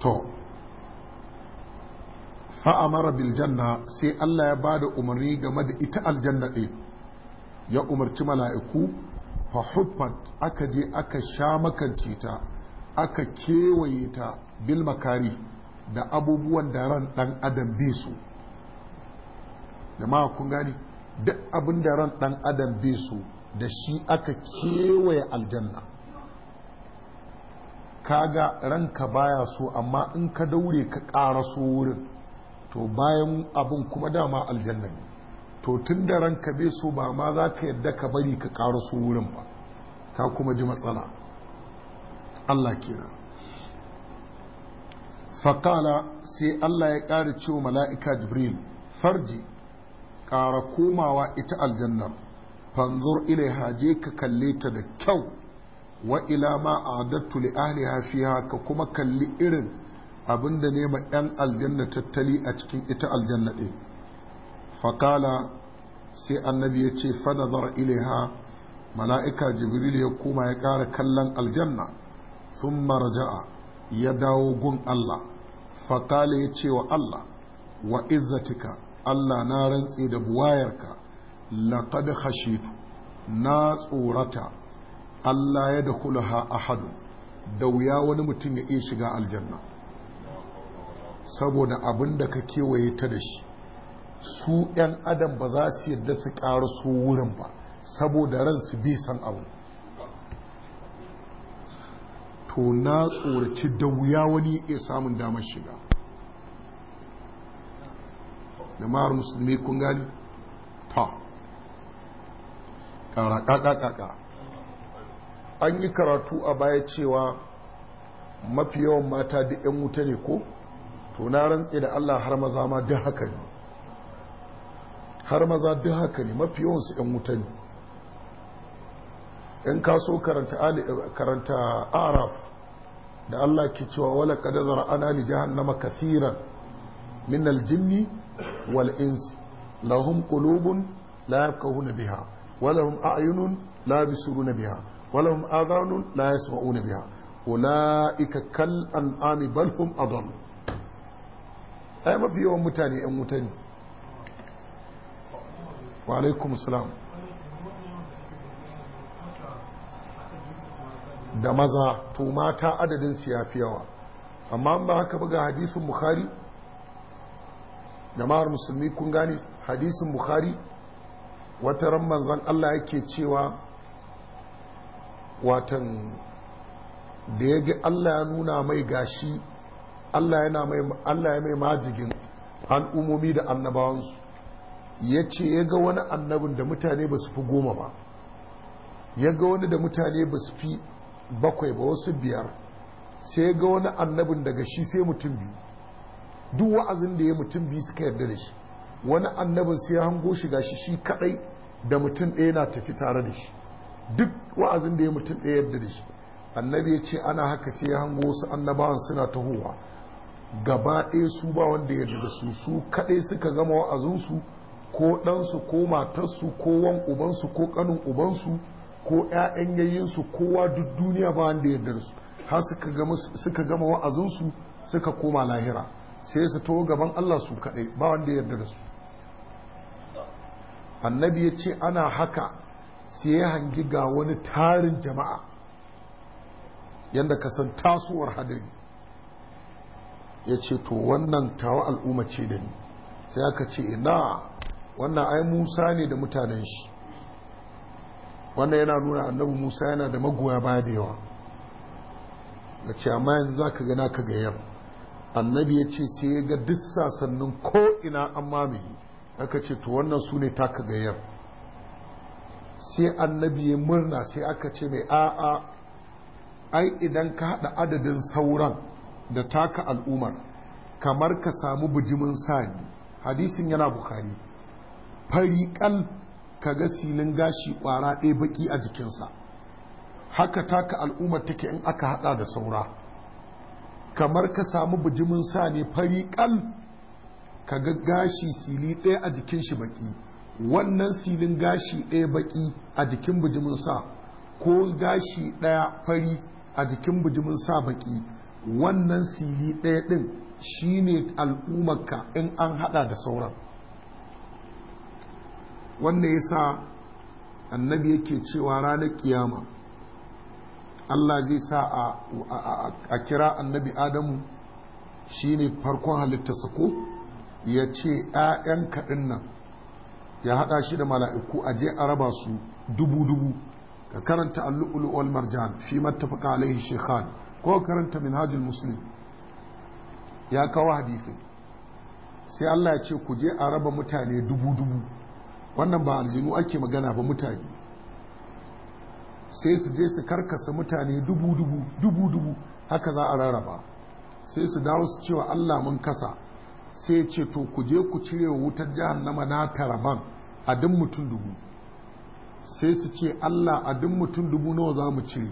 to fa'amara biljanna sai Allah ya ba da umarni game da ita aljanna ɗin ya umarci mala'iku fa aka je aka sha makance ta aka kewaye ta bil makari da abubuwan da ran ɗan adam bai su jama'a kun gani duk abin da ran ɗan adam bai su da shi aka kewaye aljanna kaga ranka baya so amma in ka daure ka ƙara so wurin to bayan abin kuma dama aljanna ne to tun da ranka bai so ba ma za ka yadda ka bari ka ƙara so wurin ba ka kuma ji matsala Allah kenan faƙala sai Allah ya ƙara cewa mala'ika jibril farji ƙara komawa ita aljannar fanzur ilaiha je ka kalle ta da kyau wa ila ma a'adattu li fiha ka kuma kalli irin abin da nema yan aljanna tattali a cikin ita aljanna din fakala sai annabi ya ce fanazar ilaiha mala'ika jibril ya koma ya ƙara kallon aljanna sun marja'a ya dawo gun Allah fakala ya ce wa Allah wa izzatika Allah na rantse da buwayarka laqad hashitu na tsorata Allah ya da kulaha hadu, da wuya wani mutum ya iya shiga aljanna saboda abin da ka kewaye ta da shi su 'yan adam ba za su yadda su ƙara su wurin ba saboda ransu bi san abu to na tsoraci da wuya wani ya samun damar shiga Da mara musulmi kun gani ta ƙara ƙaƙaƙaƙa an yi karatu a baya cewa mafi yawan mata da 'yan wuta ne ko to na rantse da Allah har maza ma duk haka ne har maza duk haka ne mafi yawansu 'yan wuta ne in ka so karanta araf da Allah ke cewa wala kada zara ana li jahannama kathiran min aljinni wal ins lahum qulubun la yafqahuna biha wa lahum a'yunun la na biha walahum adhanun la yasma'una biha ulaika kal an'ami bal hum adall ai mafi yawan mutane yan wuta ne wa alaikum da maza to mata adadin su yafi yawa amma ba haka buga hadisin bukhari jama'ar musulmi kun gane hadisin bukhari wata ran manzon Allah yake cewa watan da ya ga Allah ya nuna mai gashi Allah yana mai Allah ya mai majigin al'umomi da annabawansu ya ce ya ga wani annabin da mutane ba su fi goma ba ya ga wani da mutane ba su fi bakwai ba wasu biyar sai ya ga wani annabin daga shi sai mutum biyu duk wa'azin da ya mutum biyu suka yarda da shi wani annabin sai ya hango shi gashi shi kadai da mutum ɗaya na tafi tare da shi duk wa'azin da ya mutum ɗaya yadda da shi annabi ya ce ana haka sai ya hango wasu annabawan suna tahowa gaba ɗaya su ba wanda ya da su su kaɗai suka gama wa'azinsu ko ɗansu ko matarsu ko wan ubansu ko ƙanin ubansu ko ‘ya'yan yayyinsu kowa duk duniya ba wanda ya da su har suka gama wa'azinsu suka koma lahira sai su to gaban Allah su kaɗai ba wanda ya da su annabi ya ce ana haka sai ya hangi ga wani tarin jama'a yadda ka san tasowar hadari ya ce to wannan tawa al'umma ce da ni sai aka ce ina wannan ai musa ne da mutanen shi wannan yana nuna annabi musa yana da magoya baya da yawa ga ce amma yanzu za ka gana ka gayar annabi ya ce sai ya ga duk ko ina an mamaye aka ce to wannan su ne taka gayar sai annabi ya murna sai aka ce mai a'a ai idan ka haɗa adadin sauran da taka al'umar kamar ka samu bijimin sani hadisin yana bukari fariƙal ka ga silin gashi ƙwara ɗaya baki a jikinsa haka taka al'ummar take in aka haɗa da saura kamar ka samu bijimin sani fariƙal ka ga gashi sili ɗaya a jikin shi baƙi wannan silin gashi ɗaya baƙi a jikin bijimin sa ko gashi ɗaya fari a jikin bijimin sa baƙi wannan sili ɗaya ɗin shi ne al'ummarka in an haɗa da sauran wannan ya sa annabi yake cewa ranar kiyama Allah zai sa a kira annabi Adamu shi ne farkon halittarsa ko ya ce ‘ya'yan kaɗin nan’ ya hada shi da mala'iku a je a raba su dubu dubu ka karanta al-lu'lu wal marjan fi mattafaqa alaihi shaykhan ko karanta minhajul muslim ya kawo hadisi sai Allah ya ce ku je a raba mutane dubu dubu wannan ba aljinu ake magana ba mutane sai su je su karkasa mutane dubu dubu dubu dubu haka za a rarraba sai su dawo su cewa Allah mun kasa sai ce to ku je ku cire wa wutar jahannama na taraban a duk mutum dubu sai su ce Allah a duk mutum dubu nawa za mu cire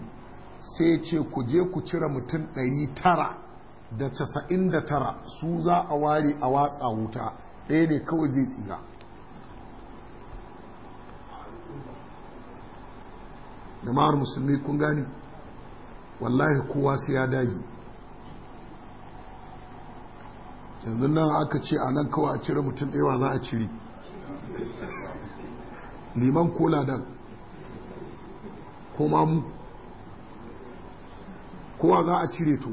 sai ce ku je ku cire mutum ɗari tara da casa'in da tara su za a ware a watsa wuta ɗaya ne kawai zai tsira jama'ar musulmi kun gani wallahi kowa sai ya dage yanzu nan aka ce a nan kawai a cire mutum ɗaya za a cire liman kola dan kuma mu kowa za a cire to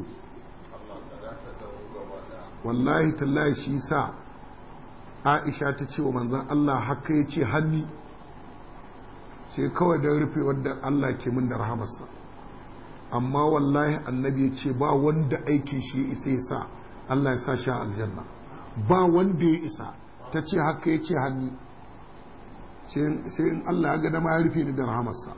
wallahi tallahi shi sa aisha ta ce wa manzan Allah haka ya ce hannu sai kawai don rufe wadda Allah ke min da rahamarsa amma wallahi annabi ya ce ba wanda aikin shi isa ya sa Allah ya sa shi a aljanna ba wanda ya isa ta ce haka ya ce hannu sai in Allah ya gada ma ya rufe ni da rahamarsa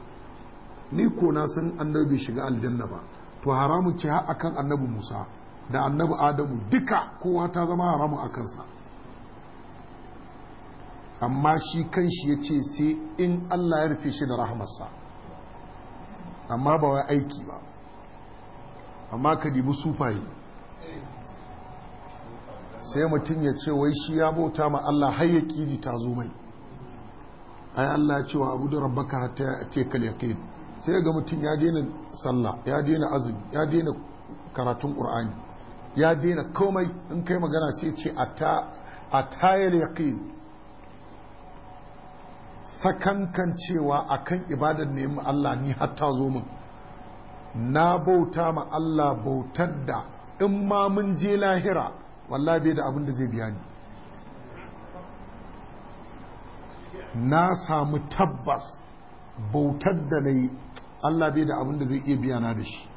ni ko na san annabi shiga aljanna ba to haramun ce har akan annabi Musa da annabi Adamu duka kowa ta zama haramun a kansa amma shi kanshi ya ce sai in Allah ya rufe shi da rahamarsa amma ba wai aiki ba amma ka dibi sufaye sai mutum ya ce wai shi ya bauta ma Allah har ya kiri ta zo mai ai Allah ya ce wa abudu rabbaka hatta ya'tika yaqin sai ga mutum ya daina sallah ya daina azumi ya daina karatun qur'ani ya daina komai in kai magana sai ce ata atayal yaqin sakankan cewa akan ibadar ne mu Allah ni hatta zo min na bauta ma Allah bautar da in ma mun je lahira wallahi bai da abin da zai biya ni na samu tabbas bautar da na yi Allah bai da abin da zai iya biya na da shi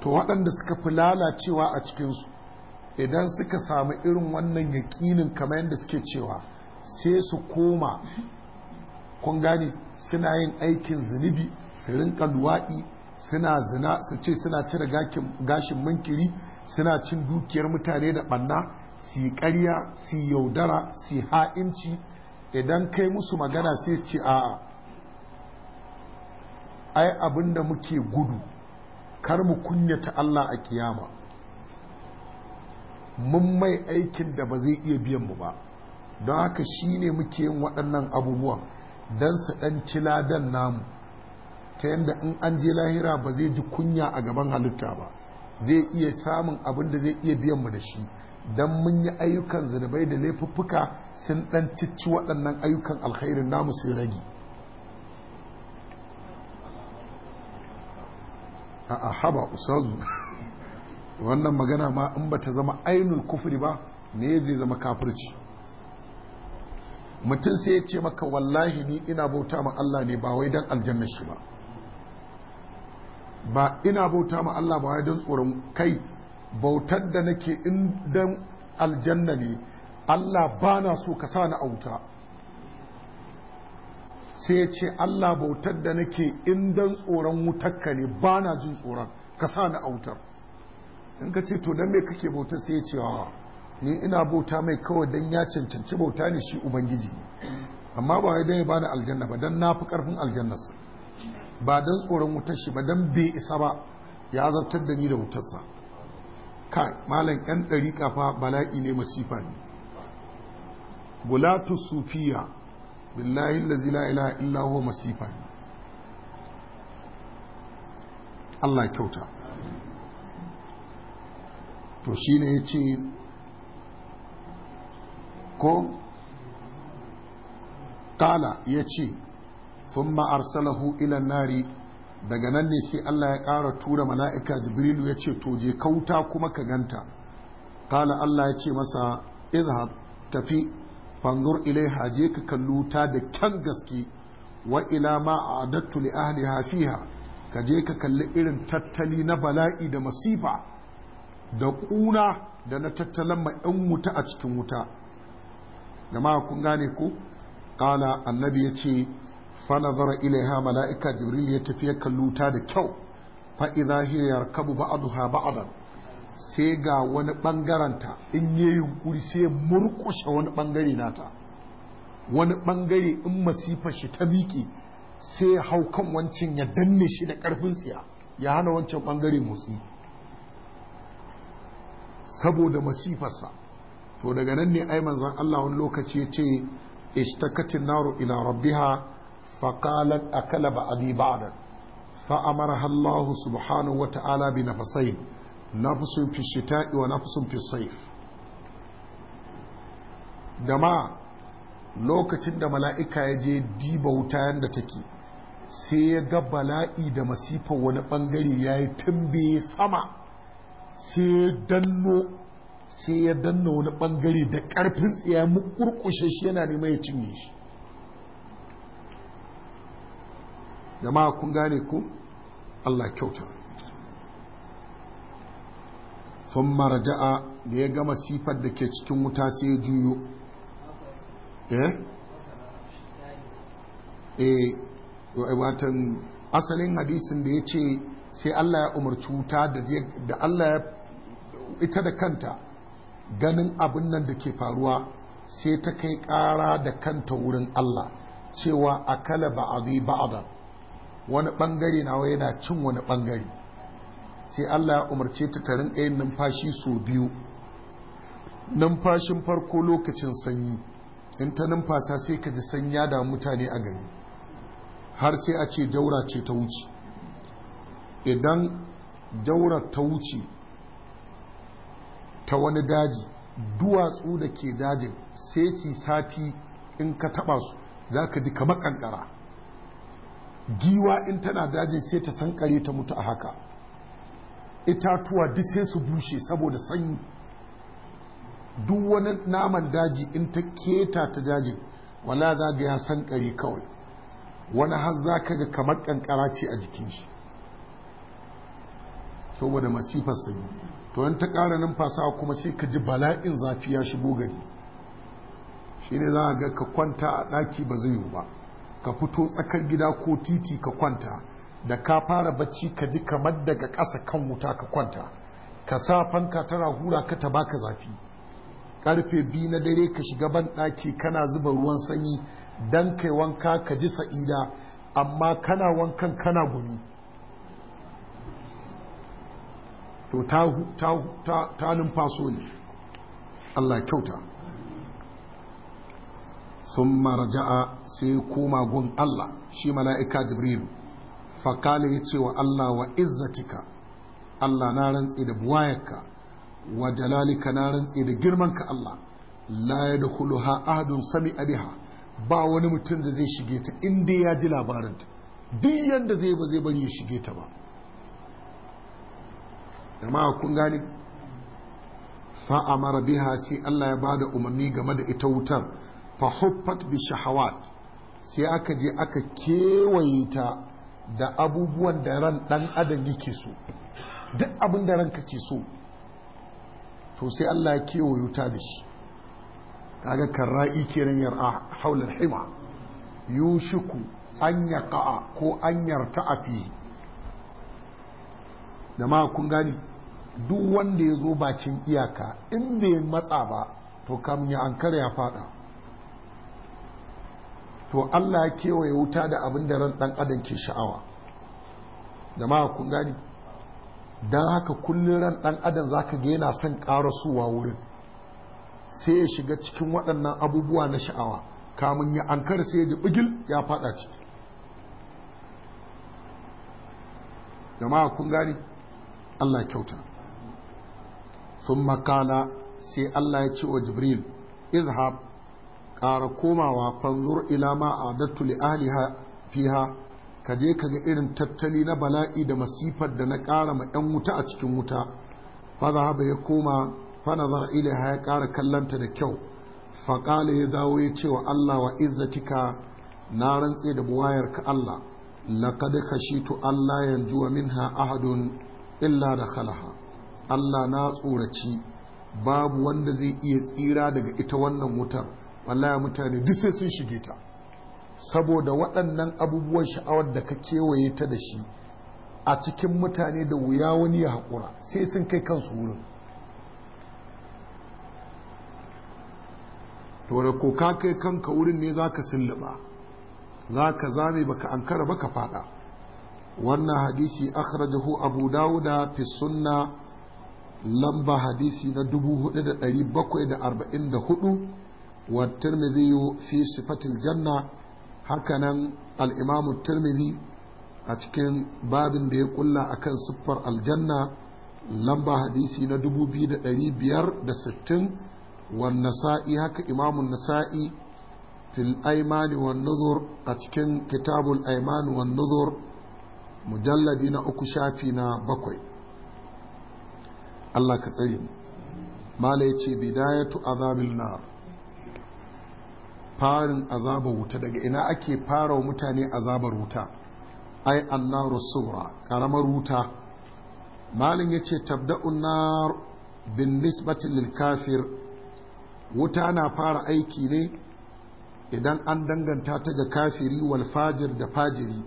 to waɗanda suka fi lalacewa a cikinsu idan suka samu irin wannan yaƙinin kamar yadda suke cewa sai su koma kun gane suna yin aikin zunubi su rinka luwaɗi suna zina su ce suna cire gashin munkiri suna cin dukiyar mutane da ɓanna su yi ƙarya su yi yaudara su yi ha'inci idan kai musu magana sai su ce a'a ai abin da muke gudu kar mu kunyata Allah a kiyama mun mai aikin da ba zai iya biyan mu ba don haka shi ne muke yin waɗannan abubuwan don su ɗan ci ladan namu ta yadda in an je lahira ba zai ji kunya a gaban halitta ba zai iya samun abin da zai iya biyan mu da shi don mun yi ayyukan zunubai da laifuffuka sun dan cici waɗannan ayyukan alkhairin namu sun rage a haba usazu wannan magana ma in ba ta zama ainul kufuri ba ne zai zama kafirci mutum sai ya ce maka wallahi ni ina bauta ma Allah ne ba wai dan aljanna shi ba ba ina bauta ma Allah ba wai don tsoron kai bautar da nake in dan aljanna ne Allah ba so ka sa auta sai ya ce Allah bautar da nake in dan tsoron wutarka ne ba na jin tsoron ka sa autar in ka ce to dan me kake bauta sai ya ce ni ina bauta mai kawai dan ya cancanci bauta ne shi ubangiji amma ba wai dan ya bani aljanna ba dan nafi fi karfin aljannarsa ba don tsoron wutar shi ba don bai isa ba ya zartar da ni da wutarsa ka malam yan ɗari kafa bala'i ne masifa ne gulatu sufiya billahi lazi la ilaha illa huwa masifa ne Allah kyauta to shi ne ya ce ko kala ya ce thumma arsalahu ila nari daga nan ne sai Allah ya ƙara tura mala'ika jibrilu ya ce to je kauta kuma ka ganta kala Allah ya ce masa izhab tafi fanzur ilaiha je ka ta da kyan gaske wa ila ma a li ahliha Hafiha ka je ka kalli irin tattali na bala'i da masifa da ƙuna da na tattalan ma 'yan wuta a cikin wuta gama kun gane ko kala annabi ya ce fanazara ilaiha mala'ika jibril ya tafi ya ta da kyau fa idza hiya yarkabu ba'daha ba'dan sai ga wani ta in yayi yunƙuri, sai murkushe wani bangare nata wani bangare in masifa shi ta biki, sai hau kan wancan ya danne shi da ƙarfin tsiya ya hana wancan bangare motsi saboda masifarsa to daga nan ne ai manzon Allah wani lokaci ya ce ishtakatin naru ila rabbiha فقالت أكل بعدي بعدا فأمرها الله سبحانه وتعالى بنفسين نفس في الشتاء ونفس في الصيف دما lokacin da mala'ika ya je diba wuta yadda take sai ya ga bala'i da masifa wani bangare ya yi tambaye sama sai ya danno danna wani bangare da karfin tsaye mu kurkushe shi yana neman ya cinye shi jama'a kun gane ku Allah kyauta sun marja'a da ya gama sifar da ke cikin wuta sai juyo eh eh watan asalin hadisin da ya ce sai Allah ya umarci wuta da Allah ya ita da kanta ganin abin nan da ke faruwa sai ta kai ƙara da kanta wurin Allah cewa akala ba'adi ba'adan wani bangare nawa yana cin wani bangare sai Allah ya umarce ta tarin ɗayan numfashi sau biyu numfashin farko lokacin sanyi in ta numfasa sai ka ji sanya da mutane a gari har sai a ce jaura ce ta wuce idan jaura ta wuce ta wani daji duwatsu da ke dajin sai si sati in ka taba su za ka ji kamar kankara giwa in tana daji sai ta sankare ta mutu a haka itatuwa duk sai su bushe saboda sanyi duk wani naman daji in ta keta ta daji wala za ga ya sankare kawai wani har za ka ga kamar kankara ce a jikin shi saboda masifar sanyi to yan ta ƙara numfasawa kuma sai ka ji bala'in zafi ya shigo gari shi ne za a ga ka kwanta a ɗaki ba zai yiwu ba ka fito tsakar gida ko titi ka kwanta da ka fara bacci ka ji kamar daga ƙasa kan wuta ka kwanta ka sa fanka tana hura ka ta baka zafi karfe biyu na dare ka shiga ban ɗaki kana zuba ruwan sanyi dan kai wanka ka ji sa'ida amma kana wankan kana gumi to ta numfaso ne Allah kyauta sun marja'a sai koma gun Allah shi mala'ika jibril fakala ya ce wa Allah wa izzatika Allah na rantsi da buwayarka wa jalalika na rantsi da girmanka Allah la ya da kuluha adun sami abiha ba wani mutum da zai shige ta inda ya ji labarinta duk yadda zai ba zai bari ya shige ta ba jama'a kun gani fa'amara biha sai Allah ya ba da umarni game da ita wutar fahuffat bi shahawat sai aka je aka kewaye ta da abubuwan da ran dan adam yake so duk abin da ranka ke so to sai Allah ya kewaye ta da shi kaga karra'i kenan yar'a haulul hima yushiku an yaqa'a ko an yarta afi da ma kun gani duk wanda ya zo bakin iyaka in ya matsa ba to kam ya ankara ya fada to Allah ya kewaye wuta da abin da ran dan adam ke sha'awa jama'a kun gani dan haka kullun ran dan adam zaka ga yana son karasuwa wurin sai ya shiga cikin waɗannan abubuwa na sha'awa kamun ya ankara sai ya ji bigil ya fada ciki jama'a kun gani Allah kyauta sun makala sai Allah ya ce wa Jibril izhab ƙara komawa fanzur ila ma adattu li fiha ka je ka ga irin tattali na bala'i da masifar da na ƙara ma 'yan wuta a cikin wuta fa zahaba ya koma fa nazar ilaiha ya ƙara kallanta da kyau faƙala ya dawo ya ce wa Allah wa izzatika na rantse da buwayar ka Allah shi tu Allah yanzu wa minha ahadun illa da khalaha Allah na tsoraci babu wanda zai iya tsira daga ita wannan wutar wallahi mutane duk sai sun shige ta saboda waɗannan abubuwan sha'awar da ka kewaye ta da shi a cikin mutane da wuya wani ya haƙura sai sun kai kansu wurin to da ko ka kai kanka wurin ne za ka sulluɓa za ka zame baka ankara ka faɗa wannan hadisi akhrajahu abu dawuda fi sunna lamba hadisi na 4744 والترمذي في صفة الجنة هكذا الإمام الترمذي أتكن باب بيقول أكن صفر الجنة لمبا حديثي ندبو بيد أريبير دستن والنسائي هك إمام النسائي في الأيمان والنظر أتكن كتاب الأيمان والنظر مجلدين أكشافنا بكوي الله كثير ما ليتي بداية عذاب النار farin azabar wuta daga ina ake fara wa mutane azabar wuta ai annaru sura karamar wuta malin ya ce tabda'un nar bin nisbatin lil kafir wuta na fara aiki ne idan an danganta ta ga kafiri wal fajir da fajiri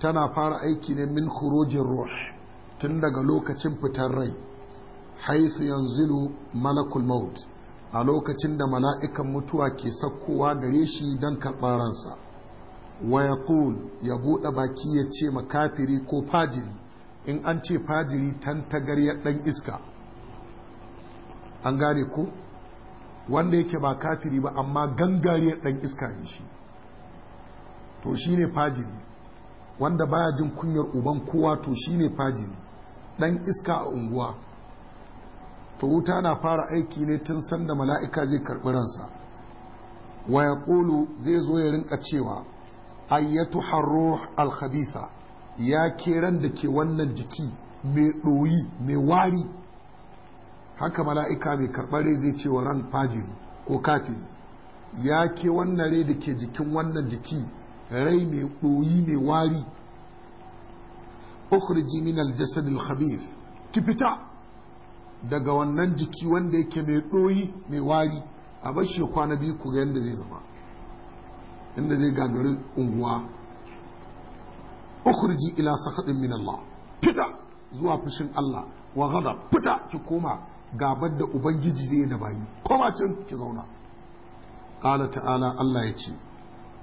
tana fara aiki ne min khurujin ruh tun daga lokacin fitar rai haisu yanzu malakul maut a lokacin da mala'ikan mutuwa ke sakkowa gare shi don karɓar ransa wa ya ya buɗe baki ya ce makafiri ko fajiri in an ce fajiri tagar ya ɗan iska an gane ko wanda yake ba kafiri ba amma gangare ɗan iska ne shi to shi ne fajiri wanda baya jin kunyar uban kowa to shi ne fajiri ɗan iska a unguwa to wuta na fara aiki ne tun sanda mala'ika zai karɓi ransa wa ya zai zo ya rinka cewa ayyatu harro alhabisa ya ke ran da ke wannan jiki mai ɗoyi mai wari haka mala'ika mai karɓare zai ce wa ran fajiri ko kafin ya ke wannan rai da ke jikin wannan jiki rai mai ɗoyi mai wari ukhriji min aljasadil Habib ki fita daga wannan jiki wanda yake mai ɗoyi mai wari a bashi kwana biyu ku ga yadda zai zama inda zai gagari unguwa ukurji ila sakaɗin min Allah fita zuwa fushin Allah wa gada fita ki koma gabar da ubangiji zai da bayi koma can ki zauna qala ta'ala Allah ya ce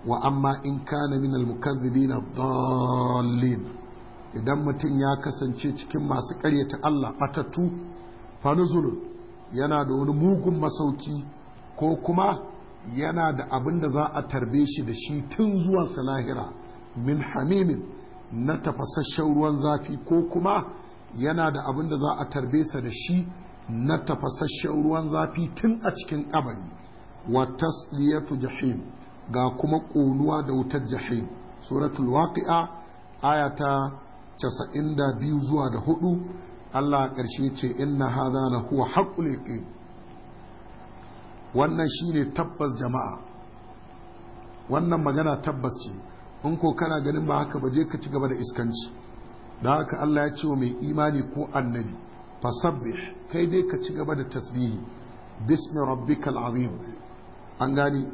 wa amma in kana min al-mukaththibin dallin idan mutum ya kasance cikin masu karyata Allah fatattu fanuzulun yana da wani mugun masauki ko kuma yana da abin da za a tarbe shi da shi tun zuwa salahira min hamimin na tafasasshen ruwan zafi ko kuma yana da abin da za a tarbe sa da shi na tafasasshen ruwan zafi tun a cikin kabari wa tasliyatu jahim ga kuma ƙonuwa da wutar jahim suratul waqi'a casa'in da 92 zuwa da 4 Allah ƙarshe ce inna haza na huwa haqqul yaqin wannan ne tabbas jama'a wannan magana tabbas ce in ko kana ganin ba haka ba je ka ci gaba da iskanci da haka Allah ya ce wa mai imani ko annabi fasabbih kai dai ka ci gaba da tasbihi bismi rabbikal azim an gani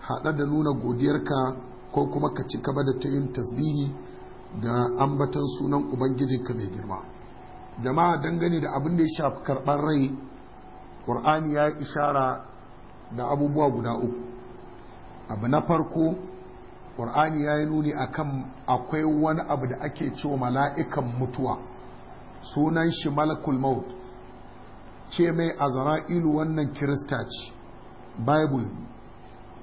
hada da nuna godiyarka ko kuma ka ci gaba da ta yin tasbihi da ambatan sunan ubangijinka mai girma jama'a dangane da abin da ya shafi karɓar rai ƙur'ani ya ishara da abubuwa guda uku abu na farko ƙur'ani ya yi nuni akan akwai wani abu da ake cewa mala'ikan mutuwa sunan shi malakul maut ce mai azara'ilu wannan kirista ce bible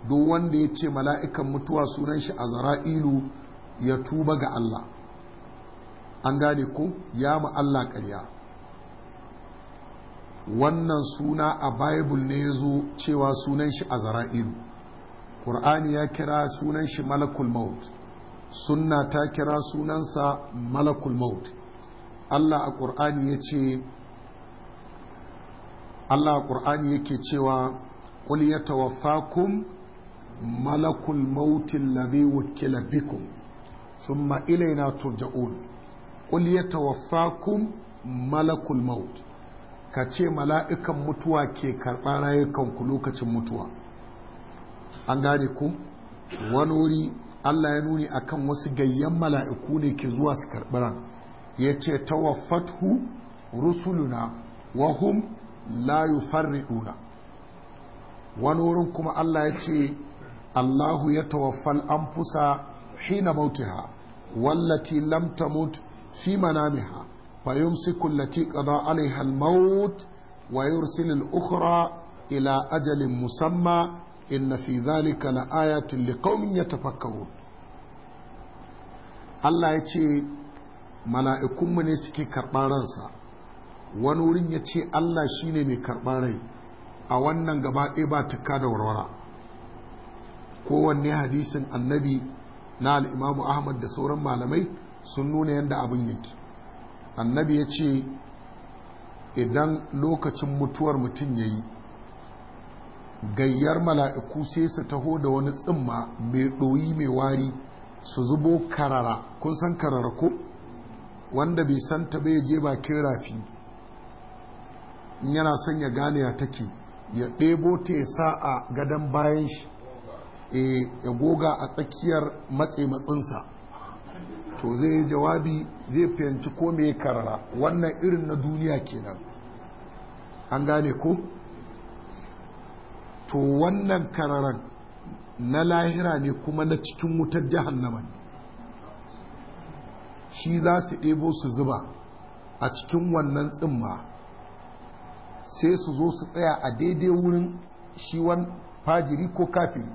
duk wanda ya ce mala'ikan mutuwa sunan shi azara'ilu ya tuba ga Allah an gane ku? ya ma Allah ƙarya wannan suna a bible ne ya zo cewa sunan shi a zara'ilu ƙur'ani ya kira sunan shi malakul maut sunna ta kira sunansa malakul maut Allah a ƙur'ani ya ce Allah a ƙur'ani yake cewa ƙul ya tawaffakum malakul mautin ladhi wukila bikum thumma ilaina turja'un qul kun malakul maut ka ce mala'ikan mutuwa ke karɓar rayukanku lokacin mutuwa an gane ku wani wuri Allah ya nuni akan wasu gayyan mala'iku ne ke zuwa su karɓar ya ce tawaffathu rusuluna wahum la ɗuna. wani wurin kuma Allah ya ce Allahu ya tawaffal fusa hina ha, wallati lamta mutu fi manamiha fa yumsiku allati qada alaiha al-maut wa yursilu al ila ajalin musamma inna fi dhalika la ayatin liqaumin yatafakkarun Allah ya ce mala'ikunmu ne suke karɓar ransa wani wurin ya ce Allah shine mai karɓar rai a wannan gaba ɗaya ba tukka da warwara kowanne hadisin annabi na al'imamu ahmad da sauran malamai sun nuna yadda abin yake annabi ya ce idan lokacin mutuwar mutum ya yi gayyar mala'iku sai su taho da wani tsimma mai ɗoyi mai wari su zubo karara kun san karara ko wanda bai san ta bai je bakin rafi yana son ya gane ya take ya ɗebo ta ya sa a gadon bayan shi eh, ya goga a tsakiyar matse matsinsa to zai yi jawabi zai fahimci ko me karara wannan irin na duniya kenan an gane ko to wannan kararan na lahira ne kuma na cikin wutar jahannama ne shi za su ɗebo su zuba a cikin wannan tsimma sai su zo su tsaya a daidai wurin shi wani fajiri ko kafin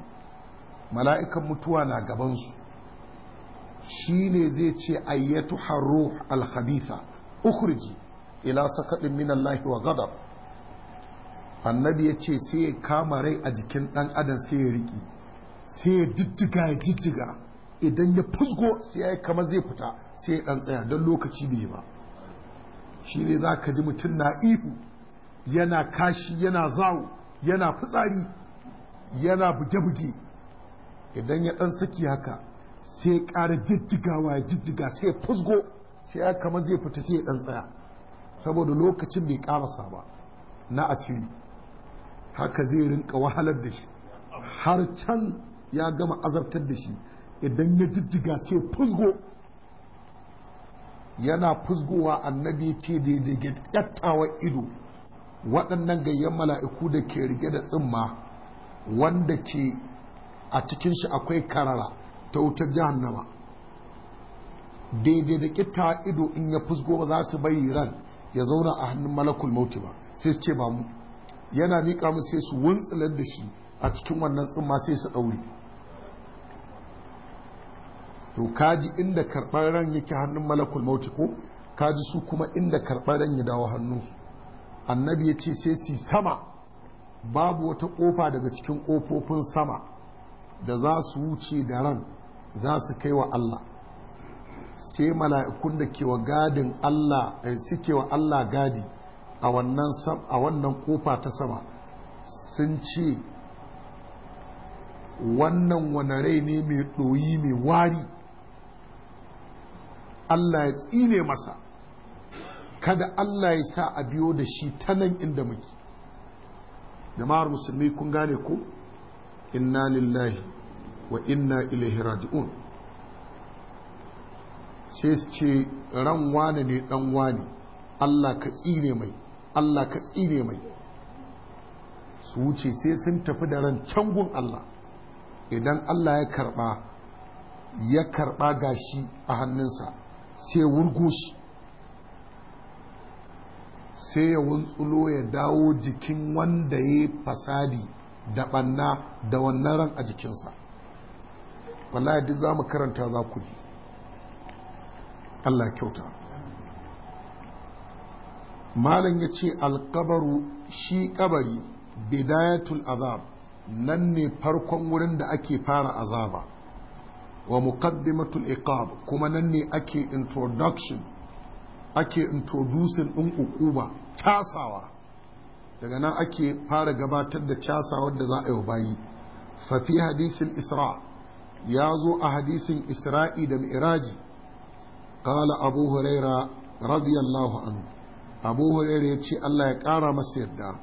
mala'ikan mutuwa na gabansu Shi ne zai ce ayyatu haruh al-khabitha ukhriji ila sakaɗin min Allah wa ghadab annabi ce sai ya kama rai a jikin dan adam sai ya riki sai ya diddiga ya diddiga idan ya fusgo sai ya kama zai fita sai ya ɗan tsaya don lokaci bai ba shi ne za ka ji mutum na ihu yana kashi yana zawo yana fitsari yana buge-buge idan ya ɗan saki haka sai ƙara jijjigawa ya jijjiga sai fusgo sai ya kama zai fita sai ya ɗan tsaya saboda lokacin bai ƙarasa ba na a ciri haka zai rinka wahalar da shi har can ya gama azabtar da shi idan ya jijjiga sai fusgo yana fusgowa annabi ce daidai ƙyattawa ido waɗannan gayyan mala'iku da ke rige da tsimma wanda ke a cikin shi akwai karara ta wutar jahannama daidai da kitta ido in ya fusgo ba za su bayi ran ya zauna a hannun malakul mauti ba sai su ce ba mu yana miƙa mu sai su wuntsular da shi a cikin wannan tsumma sai su ɗaure to kaji inda karɓar ran yake hannun malakul mauti ko kaji su kuma inda karɓar ran ya dawo hannu annabi ya ce sai su sama babu wata ƙofa daga cikin ƙofofin sama da za su wuce da ran za su kai wa Allah sai mala'ikun da ke wa gadin Allah eh, suke wa Allah gadi a wannan kofa ta sama sun ce wannan wani rai ne mai ɗoyi mai wari Allah ya tsine masa kada Allah ya sa a biyo da shi ta nan inda muke jama'ar musulmi kun gane ko inna lillahi wa inna ilaihi raji'un sai ce ran wane ne dan wane Allah ka tsine mai Allah ka tsine mai su wuce sai sun tafi da ran cangun Allah idan Allah ya karba ya karba gashi a hannunsa sai wurgo shi sai ya wuntsulo ya dawo jikin wanda ya fasadi da ɓanna da wannan ran a jikinsa wallahi duk za mu karanta za ku ji Allah kyauta malam ya ce alkabaru shi kabari bidayatul azab nan ne farkon wurin da ake fara azaba wa muqaddimatul iqab kuma nan ne ake introduction ake introducing din ukuba casawa daga nan ake fara gabatar da casa wadda za a yi bayi fafi hadisin isra ya zo a hadisin isra'i da mi'raji qala abu huraira radiyallahu anhu abu huraira ya ce Allah ya kara masa yadda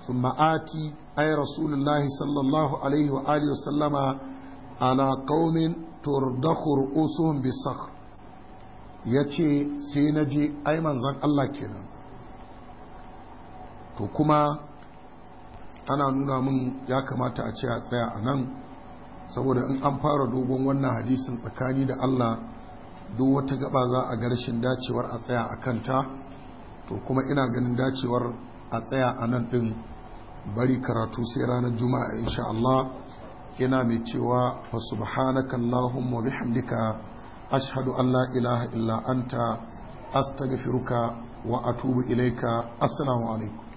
ثم آتي أي رسول الله صلى الله عليه وآله وسلم على قوم تردخ رؤوسهم بالصخر يتي سينجي أي منزل الله كنا to kuma ana nuna min ya kamata a ce a tsaya a nan saboda in an fara dogon wannan hadisin tsakani da Allah duk wata gaba za a ga rashin dacewar a tsaya a kanta to kuma ina ganin dacewar a tsaya a nan ɗin bari karatu sai ranar juma'a insha Allah ina mai cewa fa subhanaka allahumma bihamdika ashhadu an la ilaha illa anta astaghfiruka wa atubu ilaika assalamu alaikum